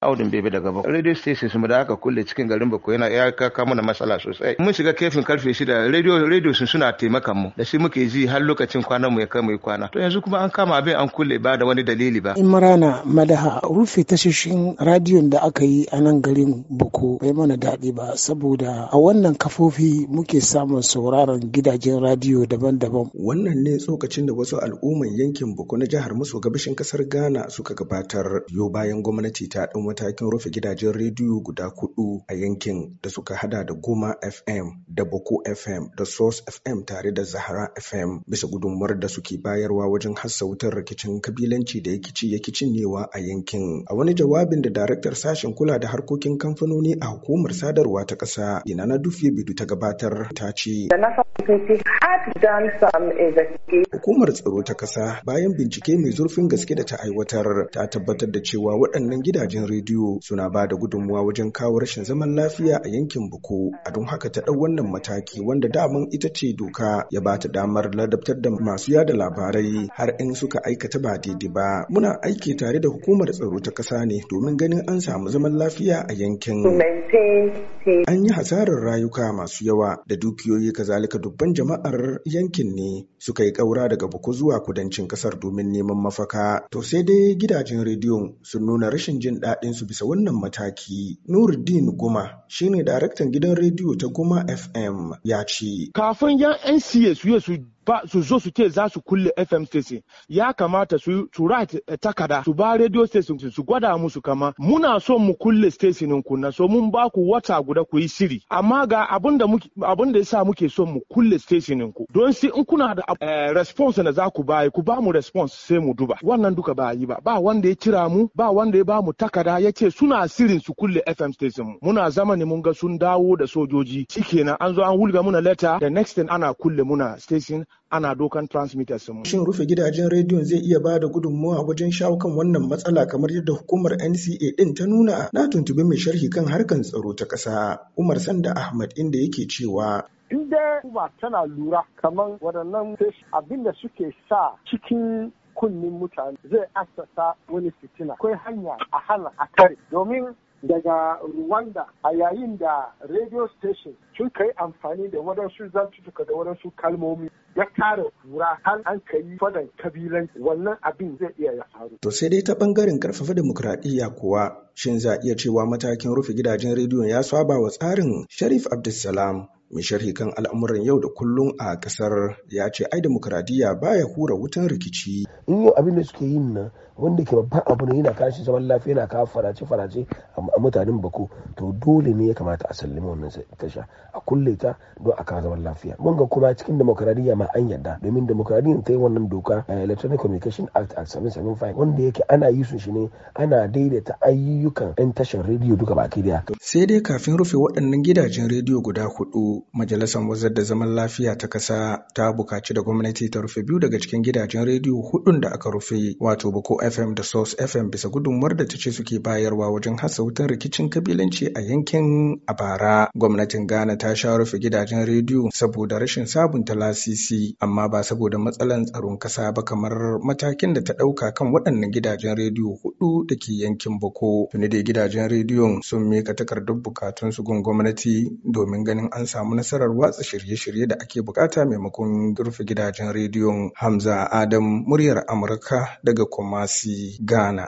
audun bebe daga ba radio stations mu da aka kulle cikin garin bako yana ya kaka mana matsala sosai mun shiga kefin karfe shida radio radio sun suna taimakan mu da shi muke ji har lokacin kwanan mu ya kai mu kwana to yanzu kuma an kama abin an kulle ba da wani dalili ba imrana madaha rufe tashoshin radiyon da aka yi a nan garin bako bai mana daɗi ba saboda a wannan kafofi muke samun sauraron gidajen radiyo daban-daban wannan ne tsokacin da wasu al'umman yankin bako na jihar maso gabashin kasar ghana suka gabatar yo bayan gwamnati ta matakin rufe gidajen rediyo guda kuɗu a yankin da suka hada da Goma FM da Boko FM da Source FM tare da Zahara FM bisa gudunmuwar da suke bayarwa wajen hassa wutar rikicin kabilanci da yakici yaki cinyewa a yankin. A wani jawabin da daraktar sashen kula da harkokin kamfanoni a hukumar sadarwa ta ƙasa Inana Dufe Bidu ta gabatar ta ce. Hukumar tsaro ta kasa, bayan bincike mai zurfin gaske da ta aiwatar ta tabbatar da cewa waɗannan gidajen rediyo rediyo suna ba da gudunmuwa wajen kawo rashin zaman lafiya a yankin Buko. A don haka ta ɗau wannan mataki wanda daman ita ce doka ya ba ta damar ladabtar da masu yada labarai har in suka aikata ba daidai ba. Muna aiki tare da hukumar tsaro ta ƙasa ne domin ganin an samu zaman lafiya a yankin. An yi hasarar rayuka masu yawa da dukiyoyi kazalika dubban jama'ar yankin ne suka yi ƙaura daga Buko zuwa kudancin ƙasar domin neman mafaka. To sai dai gidajen rediyon sun nuna rashin jin daɗin su bisa wannan mataki. Nuruddin Guma shi ne daraktan gidan rediyo ta Guma FM ya ce. Kafin 'yan NCA su yi su ba su zo su ce za su kulle FM station ya kamata su su write takada su ba radio station su gwada musu kama muna so mu kulle stationin ku na so mun ba ku wata guda ku yi shiri amma ga abin da muke abin da yasa muke so mu kulle stationin ku don sai in kuna da eh, response na za ku bayi ku ba mu response sai mu duba wannan duka ba yi ba ba wanda ya kira mu ba wanda ya ba mu takada ya ce suna sirin su kulle FM station mu muna zama ne mun ga sun dawo da sojoji shikenan an zo an wulga muna leta da next thing ana kulle muna station ana dokan transmitters mu. Shin rufe gidajen rediyon zai iya ba da gudunmawa wajen shawo kan wannan matsala kamar yadda hukumar NCA din ta nuna? Na tuntubi mai sharhi kan harkar tsaro ta ƙasa Umar Sanda Ahmad inda yake cewa in dai kuma tana lura kamar waɗannan abin da suke sa cikin kunnin mutane zai asasa wani fitina akwai hanya a hana a kare domin daga Rwanda a yayin da radio station sun kai amfani da waɗansu zantutuka da waɗansu kalmomi ya tara kura har an kai fadan kabilan wannan abin zai iya ya faru. To sai dai ta bangaren ƙarfafa demokradiyya kuwa shin za iya cewa matakin rufe gidajen rediyon ya saba wa tsarin Sharif Abdulsalam mai sharhi kan al'amuran yau da kullum a ƙasar, ya ce ai demokradiyya baya hura wutan rikici. in yau abin da suke yin nan wanda ke babban abu ne yana kashi zaman lafiya yana kawo farace farace a mutanen bako to dole ne ya kamata a sallame wannan tasha a kulle ta don a kawo zaman lafiya mun ga kuma cikin demokradiyya ma an yadda domin demokradiyya ta yi wannan doka eh, electronic communication act a 775 wanda yake ana yi su shi ne ana daidaita ayyukan yan tashar rediyo duka baki daya sai dai kafin rufe waɗannan gidajen rediyo guda hudu majalisar wazar da zaman lafiya ta kasa ta bukaci da gwamnati ta rufe biyu daga cikin gidajen rediyo hudun da aka rufe wato Boko FM da Source FM bisa gudunmuwar da ta ce suke bayarwa wajen hasa wutar rikicin kabilanci a yankin abara. Gwamnatin Ghana ta sha rufe gidajen rediyo saboda rashin sabunta lasisi amma ba saboda matsalan tsaron kasa ba kamar matakin da ta ɗauka kan waɗannan gidajen rediyo hudu da ke yankin boko. Tuni da gidajen rediyon sun mika takardar bukatun su gun gwamnati domin ganin an samu nasarar watsa shirye-shirye da ake bukata maimakon rufe gidajen rediyon Hamza Adam muryar Amurka daga Kumasi, Ghana.